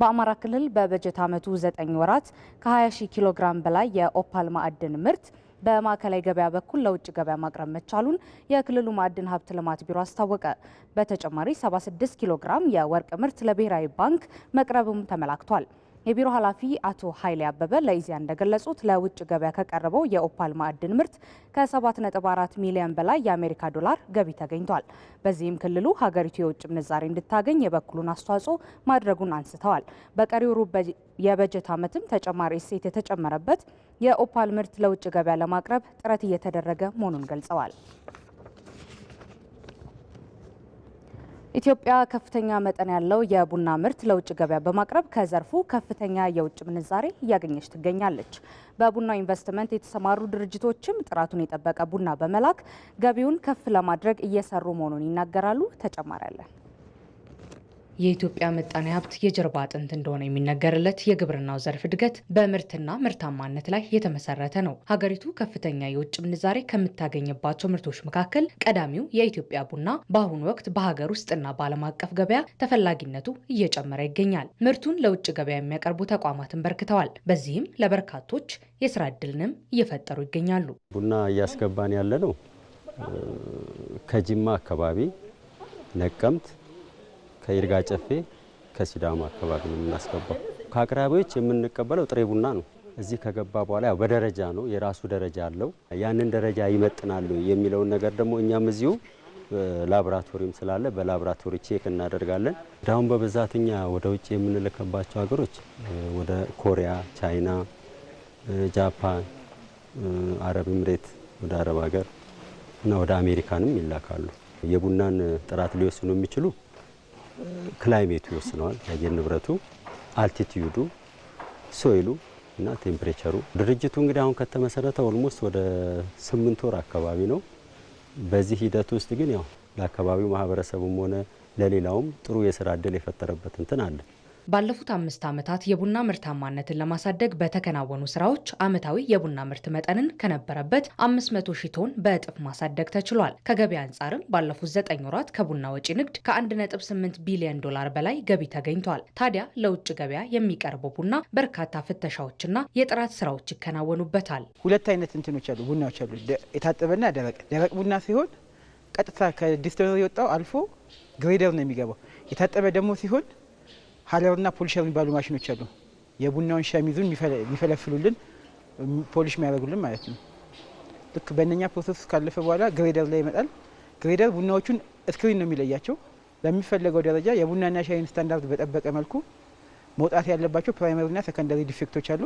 በአማራ ክልል በበጀት ዓመቱ 9 ወራት ከ20 ሺህ ኪሎ ግራም በላይ የኦፓል ማዕድን ምርት በማዕከላዊ ገበያ በኩል ለውጭ ገበያ ማቅረብ መቻሉን የክልሉ ማዕድን ሀብት ልማት ቢሮ አስታወቀ። በተጨማሪ 76 ኪሎ ግራም የወርቅ ምርት ለብሔራዊ ባንክ መቅረብም ተመላክቷል። የቢሮ ኃላፊ አቶ ኃይሌ አበበ ለኢዜአ እንደገለጹት ለውጭ ገበያ ከቀረበው የኦፓል ማዕድን ምርት ከ7.4 ሚሊዮን በላይ የአሜሪካ ዶላር ገቢ ተገኝቷል። በዚህም ክልሉ ሀገሪቱ የውጭ ምንዛሬ እንድታገኝ የበኩሉን አስተዋጽኦ ማድረጉን አንስተዋል። በቀሪው ሩብ የበጀት ዓመትም ተጨማሪ እሴት የተጨመረበት የኦፓል ምርት ለውጭ ገበያ ለማቅረብ ጥረት እየተደረገ መሆኑን ገልጸዋል። ኢትዮጵያ ከፍተኛ መጠን ያለው የቡና ምርት ለውጭ ገበያ በማቅረብ ከዘርፉ ከፍተኛ የውጭ ምንዛሬ እያገኘች ትገኛለች። በቡና ኢንቨስትመንት የተሰማሩ ድርጅቶችም ጥራቱን የጠበቀ ቡና በመላክ ገቢውን ከፍ ለማድረግ እየሰሩ መሆኑን ይናገራሉ። ተጨማሪ አለን። የኢትዮጵያ ምጣኔ ሀብት የጀርባ አጥንት እንደሆነ የሚነገርለት የግብርናው ዘርፍ እድገት በምርትና ምርታማነት ላይ የተመሰረተ ነው። ሀገሪቱ ከፍተኛ የውጭ ምንዛሬ ከምታገኝባቸው ምርቶች መካከል ቀዳሚው የኢትዮጵያ ቡና በአሁኑ ወቅት በሀገር ውስጥና በዓለም አቀፍ ገበያ ተፈላጊነቱ እየጨመረ ይገኛል። ምርቱን ለውጭ ገበያ የሚያቀርቡ ተቋማትን በርክተዋል። በዚህም ለበርካቶች የስራ እድልንም እየፈጠሩ ይገኛሉ። ቡና እያስገባን ያለ ነው ከጅማ አካባቢ ነቀምት ከይርጋ ጨፌ ከሲዳማ አካባቢ ነው የምናስገባው። ከአቅራቢዎች የምንቀበለው ጥሬ ቡና ነው። እዚህ ከገባ በኋላ ያው በደረጃ ነው፣ የራሱ ደረጃ አለው። ያንን ደረጃ ይመጥናሉ የሚለውን ነገር ደግሞ እኛም እዚሁ ላቦራቶሪም ስላለ በላቦራቶሪ ቼክ እናደርጋለን። ዳሁን በብዛት እኛ ወደ ውጭ የምንልከባቸው ሀገሮች ወደ ኮሪያ፣ ቻይና፣ ጃፓን፣ አረብ ኤምሬት ወደ አረብ ሀገር እና ወደ አሜሪካንም ይላካሉ። የቡናን ጥራት ሊወስኑ የሚችሉ ክላይሜቱ ይወስነዋል። የአየር ንብረቱ፣ አልቲቲዩዱ፣ ሶይሉ እና ቴምፕሬቸሩ። ድርጅቱ እንግዲህ አሁን ከተመሰረተ ኦልሞስት ወደ ስምንት ወር አካባቢ ነው። በዚህ ሂደት ውስጥ ግን ያው ለአካባቢው ማህበረሰቡም ሆነ ለሌላውም ጥሩ የስራ እድል የፈጠረበት እንትን አለ። ባለፉት አምስት ዓመታት የቡና ምርታማነትን ለማሳደግ በተከናወኑ ስራዎች ዓመታዊ የቡና ምርት መጠንን ከነበረበት 500 ሺ ቶን በእጥፍ ማሳደግ ተችሏል። ከገቢ አንጻርም ባለፉት 9 ወራት ከቡና ወጪ ንግድ ከ1.8 ቢሊዮን ዶላር በላይ ገቢ ተገኝቷል። ታዲያ ለውጭ ገበያ የሚቀርበው ቡና በርካታ ፍተሻዎችና የጥራት ስራዎች ይከናወኑበታል። ሁለት አይነት እንትኖች አሉ፣ ቡናዎች አሉ፣ የታጠበና ደረቅ። ደረቅ ቡና ሲሆን ቀጥታ ከዲስትሪ የወጣው አልፎ ግሬደር ነው የሚገባው። የታጠበ ደግሞ ሲሆን ሀለርና ፖሊሸር የሚባሉ ማሽኖች አሉ። የቡናውን ሸሚዙን የሚፈለፍሉልን ፖሊሽ የሚያደርጉልን ማለት ነው። ልክ በእነኛ ፕሮሰስ ካለፈ በኋላ ግሬደር ላይ ይመጣል። ግሬደር ቡናዎቹን እስክሪን ነው የሚለያቸው። በሚፈለገው ደረጃ የቡናና ሻይን ስታንዳርድ በጠበቀ መልኩ መውጣት ያለባቸው ፕራይመሪና ሰከንዳሪ ዲፌክቶች አሉ።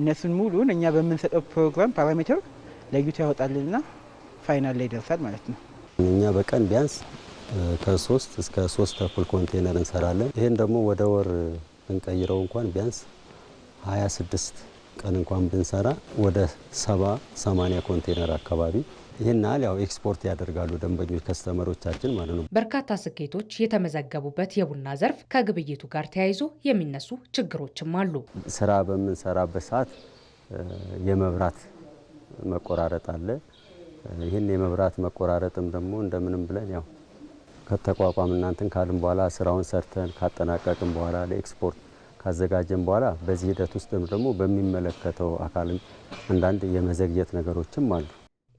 እነሱን ሙሉን እኛ በምንሰጠው ፕሮግራም ፓራሜትር ለይቶ ያወጣልንና ፋይናል ላይ ይደርሳል ማለት ነው። እኛ በቀን ቢያንስ ከሶስት እስከ ሶስት ተኩል ኮንቴነር እንሰራለን። ይህን ደግሞ ወደ ወር ብንቀይረው እንኳን ቢያንስ 26 ቀን እንኳን ብንሰራ ወደ 70 80 ኮንቴነር አካባቢ ይህን ያው ኤክስፖርት ያደርጋሉ ደንበኞች ከስተመሮቻችን ማለት ነው። በርካታ ስኬቶች የተመዘገቡበት የቡና ዘርፍ ከግብይቱ ጋር ተያይዞ የሚነሱ ችግሮችም አሉ። ስራ በምንሰራበት ሰዓት የመብራት መቆራረጥ አለ። ይህን የመብራት መቆራረጥም ደግሞ እንደምንም ብለን ያው ከተቋቋም እናንተን ካልን በኋላ ስራውን ሰርተን ካጠናቀቅን በኋላ ለኤክስፖርት ካዘጋጀን በኋላ በዚህ ሂደት ውስጥም ደግሞ በሚመለከተው አካልም አንዳንድ የመዘግየት ነገሮችም አሉ።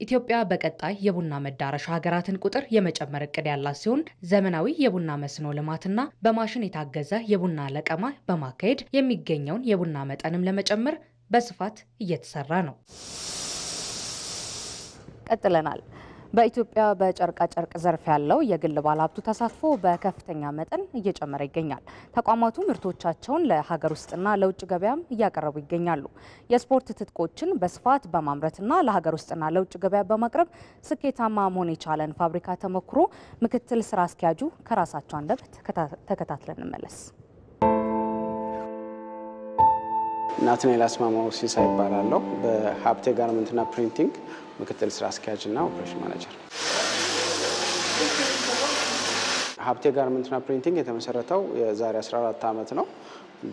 ኢትዮጵያ በቀጣይ የቡና መዳረሻ ሀገራትን ቁጥር የመጨመር እቅድ ያላት ሲሆን ዘመናዊ የቡና መስኖ ልማትና በማሽን የታገዘ የቡና ለቀማ በማካሄድ የሚገኘውን የቡና መጠንም ለመጨመር በስፋት እየተሰራ ነው። ቀጥለናል። በኢትዮጵያ በጨርቃጨርቅ ዘርፍ ያለው የግል ባለሀብቱ ተሳትፎ በከፍተኛ መጠን እየጨመረ ይገኛል። ተቋማቱ ምርቶቻቸውን ለሀገር ውስጥና ለውጭ ገበያም እያቀረቡ ይገኛሉ። የስፖርት ትጥቆችን በስፋት በማምረትና ለሀገር ውስጥና ለውጭ ገበያ በማቅረብ ስኬታማ መሆን የቻለን ፋብሪካ ተሞክሮ ምክትል ስራ አስኪያጁ ከራሳቸው አንደበት ተከታትለን እንመለስ። ናትናኤል አስማማው ሲሳ ይባላለሁ። በሀብቴ ጋርመንትና ፕሪንቲንግ ምክትል ስራ አስኪያጅ እና ኦፕሬሽን ማናጀር። ሀብቴ ጋርመንትና ፕሪንቲንግ የተመሰረተው የዛሬ 14 ዓመት ነው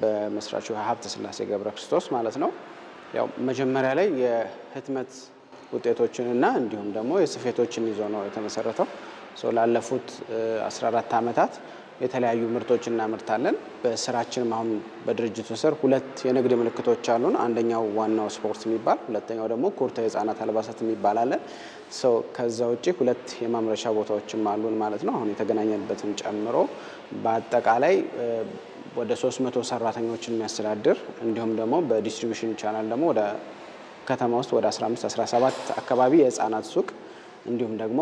በመስራቹ ሀብተ ስላሴ ገብረ ክርስቶስ ማለት ነው። ያው መጀመሪያ ላይ የህትመት ውጤቶችን እና እንዲሁም ደግሞ የስፌቶችን ይዞ ነው የተመሰረተው ላለፉት 14 ዓመታት የተለያዩ ምርቶች እናመርታለን። በስራችንም አሁን በድርጅቱ ስር ሁለት የንግድ ምልክቶች አሉን። አንደኛው ዋናው ስፖርት የሚባል ሁለተኛው ደግሞ ኩርታ የህፃናት አልባሳት የሚባል አለን። ሰው ከዛ ውጭ ሁለት የማምረቻ ቦታዎችም አሉን ማለት ነው። አሁን የተገናኘንበትን ጨምሮ በአጠቃላይ ወደ 300 ሰራተኞችን የሚያስተዳድር እንዲሁም ደግሞ በዲስትሪቢሽን ቻናል ደግሞ ወደ ከተማ ውስጥ ወደ 15 17 አካባቢ የህፃናት ሱቅ እንዲሁም ደግሞ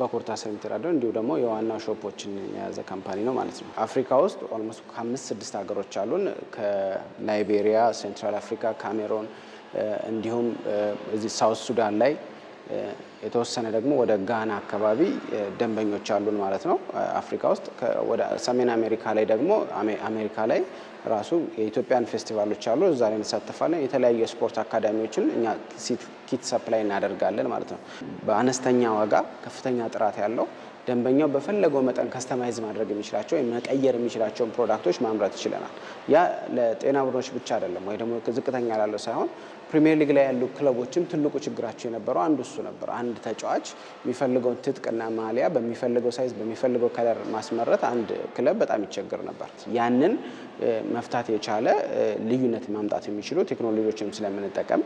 በኩርታ ስር የሚተዳደሩ እንዲሁ ደግሞ የዋና ሾፖችን የያዘ ካምፓኒ ነው ማለት ነው። አፍሪካ ውስጥ ኦልሞስት ከአምስት ስድስት ሀገሮች አሉን ከላይቤሪያ፣ ሴንትራል አፍሪካ፣ ካሜሮን እንዲሁም እዚህ ሳውት ሱዳን ላይ የተወሰነ ደግሞ ወደ ጋና አካባቢ ደንበኞች አሉን ማለት ነው። አፍሪካ ውስጥ ወደ ሰሜን አሜሪካ ላይ ደግሞ አሜሪካ ላይ ራሱ የኢትዮጵያን ፌስቲቫሎች አሉ። እዛ ላይ እንሳተፋለን። የተለያዩ የስፖርት አካዳሚዎችን እኛ ኪት ሰፕላይ እናደርጋለን ማለት ነው። በአነስተኛ ዋጋ ከፍተኛ ጥራት ያለው ደንበኛው በፈለገው መጠን ከስተማይዝ ማድረግ የሚችላቸው ወይም መቀየር የሚችላቸውን ፕሮዳክቶች ማምረት ይችለናል። ያ ለጤና ቡድኖች ብቻ አይደለም ወይ ደግሞ ዝቅተኛ ላለው ሳይሆን ፕሪሚየር ሊግ ላይ ያሉ ክለቦችም ትልቁ ችግራቸው የነበረው አንዱ እሱ ነበር። አንድ ተጫዋች የሚፈልገውን ትጥቅና ማሊያ በሚፈልገው ሳይዝ በሚፈልገው ከለር ማስመረት አንድ ክለብ በጣም ይቸገር ነበር። ያንን መፍታት የቻለ ልዩነት ማምጣት የሚችሉ ቴክኖሎጂዎችንም ስለምንጠቀም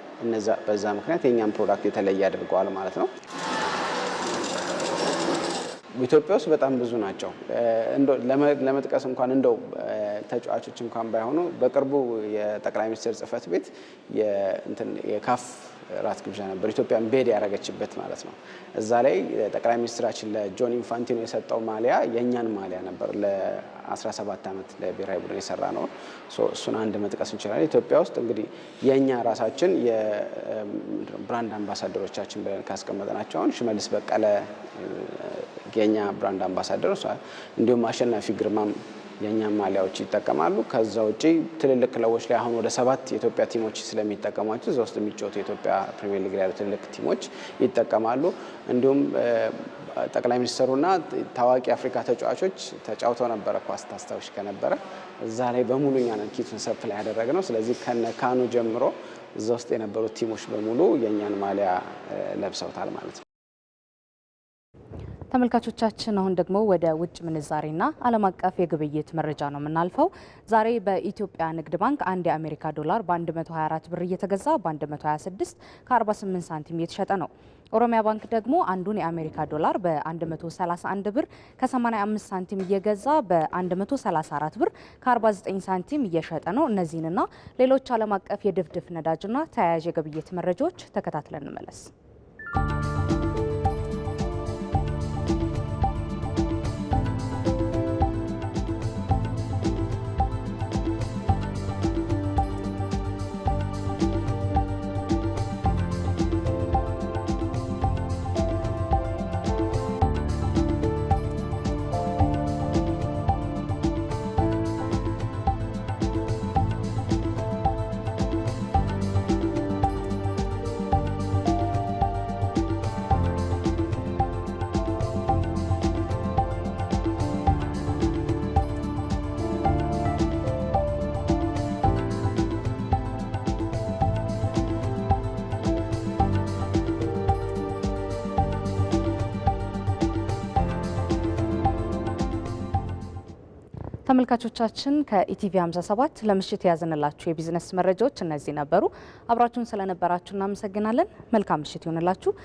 በዛ ምክንያት የእኛም ፕሮዳክት የተለየ አድርገዋል ማለት ነው። ኢትዮጵያ ውስጥ በጣም ብዙ ናቸው። ለመጥቀስ እንኳን እንደው ተጫዋቾች እንኳን ባይሆኑ በቅርቡ የጠቅላይ ሚኒስትር ጽህፈት ቤት የካፍ ራት ግብዣ ነበር፣ ኢትዮጵያን ቤድ ያደረገችበት ማለት ነው። እዛ ላይ ጠቅላይ ሚኒስትራችን ለጆን ኢንፋንቲኖ የሰጠው ማሊያ የእኛን ማሊያ ነበር። ለ17 ዓመት ለብሔራዊ ቡድን የሰራ ነው። እሱን አንድ መጥቀስ እንችላለን። ኢትዮጵያ ውስጥ እንግዲህ የእኛ ራሳችን የብራንድ አምባሳደሮቻችን ብለን ካስቀመጥናቸው አሁን ሽመልስ በቀለ የኛ ብራንድ አምባሳደር እንዲሁም አሸናፊ ግርማም የእኛ ማሊያዎች ይጠቀማሉ። ከዛ ውጪ ትልልቅ ክለቦች ላይ አሁን ወደ ሰባት የኢትዮጵያ ቲሞች ስለሚጠቀሟቸው እዛ ውስጥ የሚጫወቱ የኢትዮጵያ ፕሪሚየር ሊግ ያሉ ትልልቅ ቲሞች ይጠቀማሉ። እንዲሁም ጠቅላይ ሚኒስትሩና ታዋቂ የአፍሪካ ተጫዋቾች ተጫውተው ነበረ ኳስ ታስታዎች ከነበረ እዛ ላይ በሙሉ እኛን ኪቱን ሰፕ ላይ ያደረግ ነው። ስለዚህ ከነ ካኑ ጀምሮ እዛ ውስጥ የነበሩት ቲሞች በሙሉ የእኛን ማሊያ ለብሰውታል ማለት ነው። ተመልካቾቻችን አሁን ደግሞ ወደ ውጭ ምንዛሬና ዓለም አቀፍ የግብይት መረጃ ነው የምናልፈው። ዛሬ በኢትዮጵያ ንግድ ባንክ አንድ የአሜሪካ ዶላር በ124 ብር እየተገዛ በ126 ከ48 ሳንቲም እየተሸጠ ነው። ኦሮሚያ ባንክ ደግሞ አንዱን የአሜሪካ ዶላር በ131 ብር ከ85 ሳንቲም እየገዛ በ134 ብር ከ49 ሳንቲም እየሸጠ ነው። እነዚህንና ሌሎች ዓለም አቀፍ የድፍድፍ ነዳጅና ተያያዥ የግብይት መረጃዎች ተከታትለን እንመለስ። ተመልካቾቻችን ከኢቲቪ 57 ለምሽት የያዝንላችሁ የቢዝነስ መረጃዎች እነዚህ ነበሩ። አብራችሁን ስለነበራችሁ እናመሰግናለን። መልካም ምሽት ይሆንላችሁ።